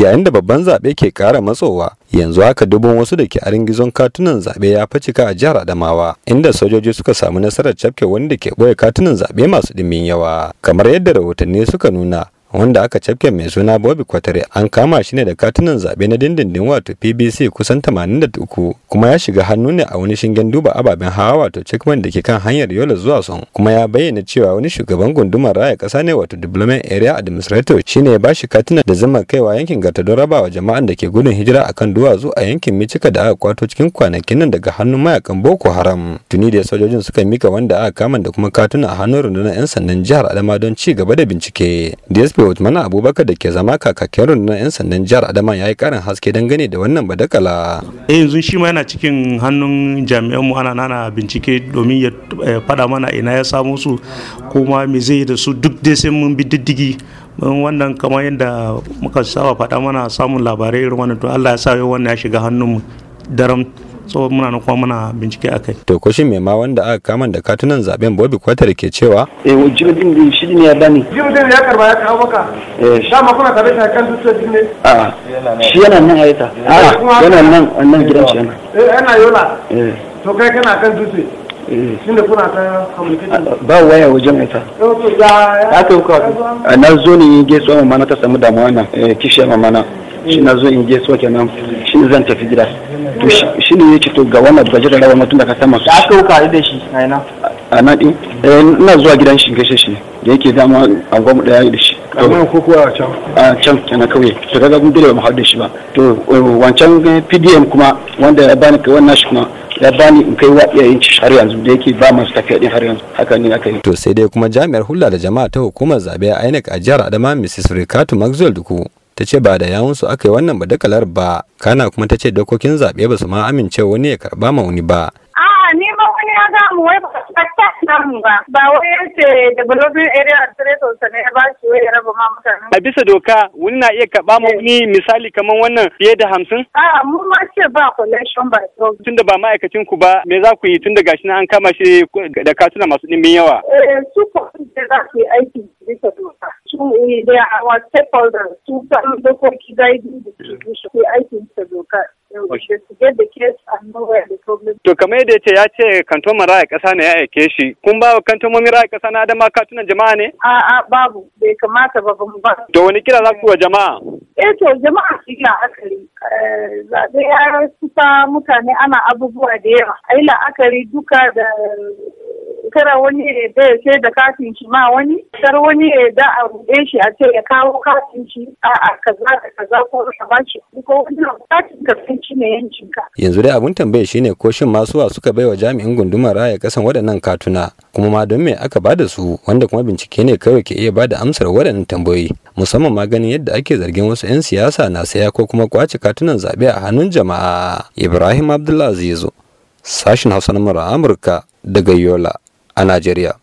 yayin da babban zaɓe ke ƙara matsowa yanzu haka dubun wasu da ke gizon katunan zaɓe ya cika a jihar adamawa inda sojoji suka samu nasarar cafke wanda ke ɓoye katunan zaɓe masu ɗimbin yawa kamar yadda rahotanni suka nuna wanda aka cafke mai suna Bobby Kwatare an kama shi ne da katunan zaɓe na dindindin wato PBC kusan 83 kuma ya shiga hannu ne a wani shingen duba ababen hawa wato checkman da ke kan hanyar Yola zuwa Son kuma ya bayyana cewa wani shugaban gundumar raya ƙasa ne wato Development Area Administrator shine ya bashi katunan da zama kaiwa yankin Gata don rabawa jama'an da ke gudun hijira akan duwatsu a yankin Michika da aka kwato cikin kwanakin nan daga hannun mayakan Boko Haram tuni da sojojin suka mika wanda aka kama da kuma katunan a hannun rundunar 'yan sandan jihar Adama don ci gaba da bincike. DSP dsp Abubakar da ke zama kakakin rundunar 'yan sandan jihar Adama ya yi karin haske dangane da wannan badakala. Eh yanzu shi ma yana cikin hannun jami'an mu ana nana bincike domin ya eh, faɗa mana ina ya samo su kuma me zai da su duk dai sai mun bi diddigi wannan kamar yadda muka saba faɗa mana samun labarai irin wannan to Allah ya sa yau wannan ya shiga hannun mu daram so muna nan kuma muna bincike a kai to kushin mai ma wanda aka kama da katunan zaben bobi kwatar ke cewa eh jiro din din shi ne ya bani Jiro din ya karba ya kawo maka eh sha ma kuna tare da kan dutse din ne a shi yana nan yata. a yana nan nan gidan shi yana eh yana yola eh to kai kana kan dutse. tunda eh. kuna ta ba waya wajen ita eh, ya kai kuka na zo ne gesuwa mamana ta samu damuwa na eh, kishiyar mamana shi na zo in je so kenan shi ne zan tafi gida to shi ne yake to ga wannan baje da rawa mutum da ka sama da aka wuka da shi a na. a nan din eh ina zuwa gidan shi gashe shi da yake dama angon mu daya da shi a nan ko kuwa a can a can kana kauye to daga mun dole mu haɗu da shi ba to eh, wancan PDM kuma wanda ya bani kai wannan shi kuma ya bani in kai waɗiya yin ci har yanzu da yake ba masu tafiya din har yanzu haka ne aka yi to sai dai kuma jami'ar hulla da jama'a ta hukumar zabe a INEC a jihar Adama Mrs. Rikatu Maxwell Duku ta ce ba da yawunsu aka yi wannan badakalar ba kana kuma ta ce dokokin zaɓe ba su ma amince wani ya karɓa ma wani ba ni ba wani ya ga mu wai ba samu ba ba wai ce developing area administrators ne ba shi wai raba ma mutane a bisa doka wani na iya karɓa ma wani misali kamar wannan fiye da hamsin a mu ma ce ba collection by drug. tunda ba ma'aikacin ku ba me za ku yi tunda gashi na an kama shi da katuna masu ɗimbin yawa eh su ko za su yi aiki bisa doka ne da our stakeholders sun samu dokoki guiding da ke shi aikin ta doka. To kamar yadda ce ya ce kanton maraya ƙasa ne ya aike shi. Kun ba wa kantomomin raya ƙasa na adama katunan jama'a ne? A'a babu bai kamata ba bamu ba. To wani kira za ku wa jama'a? Eh to jama'a su yi la'akari. Eh, zaɓe ya kusa mutane ana abubuwa da yawa. A yi la'akari duka da kada wani ya yarda ya sai da katin shi ma wani kar wani ya yarda a ruɗe shi a ce ya kawo katin shi a a kaza da kaza ko a ba shi ko wani katin ka shi ne yancin ka yanzu dai abun tambaya shine ko shin masuwa suka wa jami'in gundumar raya kasan waɗannan katuna kuma ma don me aka bada su wanda kuma bincike ne kawai ke iya bada amsar waɗannan tambayoyi musamman ma ganin yadda ake zargin wasu 'yan siyasa na saya ko kuma kwace katunan zaɓe a hannun jama'a ibrahim abdullahi zizo sashin hausa na amurka daga yola a Najeriya.